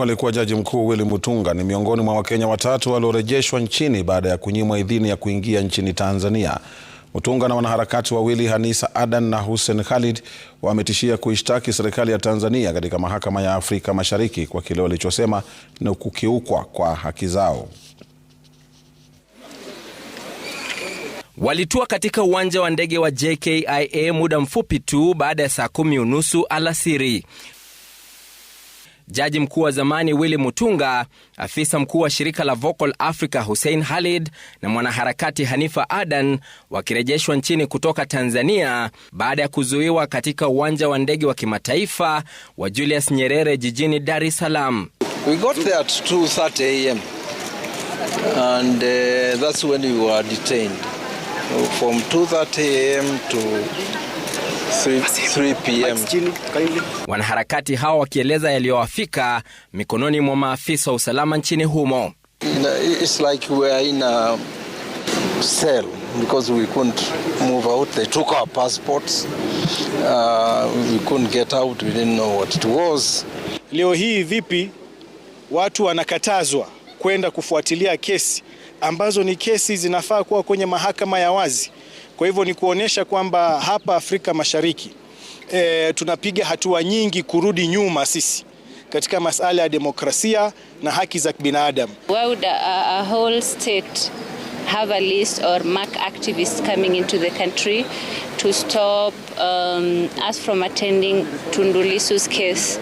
Aliyekuwa jaji mkuu Willy Mutunga ni miongoni mwa Wakenya watatu waliorejeshwa nchini baada ya kunyimwa idhini ya kuingia nchini Tanzania. Mutunga na wanaharakati wawili Hanisa Adan na Hussein Khalid wametishia kuishtaki serikali ya Tanzania katika mahakama ya Afrika Mashariki kwa kile walichosema ni kukiukwa kwa haki zao. Walitua katika uwanja wa ndege wa JKIA muda mfupi tu baada ya saa kumi unusu alasiri Jaji mkuu wa zamani Willy Mutunga, afisa mkuu wa shirika la Vocal Africa Hussein Khalid na mwanaharakati Hanifa Adan wakirejeshwa nchini kutoka Tanzania baada ya kuzuiwa katika uwanja wa ndege wa kimataifa wa Julius Nyerere jijini Dar es Salaam. 3 p.m. Wanaharakati hao wakieleza yaliyowafika mikononi mwa maafisa wa usalama nchini humo. Leo hii vipi watu wanakatazwa kwenda kufuatilia kesi ambazo ni kesi zinafaa kuwa kwenye mahakama ya wazi. Kwa hivyo ni kuonesha kwamba hapa Afrika Mashariki e, tunapiga hatua nyingi kurudi nyuma sisi katika masuala ya demokrasia na haki za kibinadamu. Why would a, a whole state have a list or mark activists coming into the country to stop um, us from attending Tundu Lissu's case?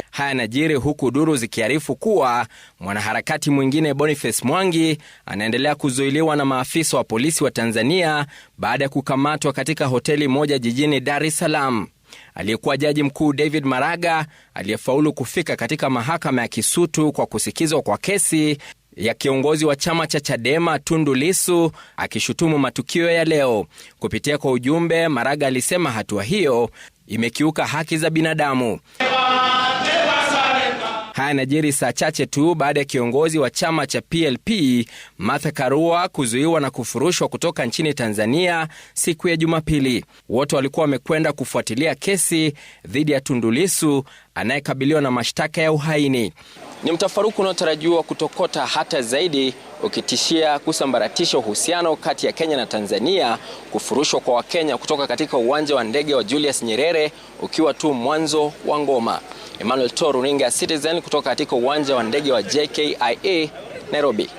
Haya yanajiri huku duru zikiarifu kuwa mwanaharakati mwingine Boniface Mwangi anaendelea kuzuiliwa na maafisa wa polisi wa Tanzania baada ya kukamatwa katika hoteli moja jijini Dar es Salaam. Aliyekuwa jaji mkuu David Maraga aliyefaulu kufika katika mahakama ya Kisutu kwa kusikizwa kwa kesi ya kiongozi wa chama cha Chadema Tundu Lisu akishutumu matukio ya leo. Kupitia kwa ujumbe, Maraga alisema hatua hiyo imekiuka haki za binadamu. Haya najiri saa chache tu baada ya kiongozi wa chama cha PLP Martha Karua kuzuiwa na kufurushwa kutoka nchini Tanzania siku ya Jumapili. Wote walikuwa wamekwenda kufuatilia kesi dhidi ya tundulisu anayekabiliwa na mashtaka ya uhaini. Ni mtafaruku unaotarajiwa kutokota hata zaidi, ukitishia kusambaratisha uhusiano kati ya Kenya na Tanzania. Kufurushwa kwa Wakenya kutoka katika uwanja wa ndege wa Julius Nyerere ukiwa tu mwanzo wa ngoma. Emmanuel to runinga ya Citizen kutoka katika uwanja wa ndege wa JKIA Nairobi.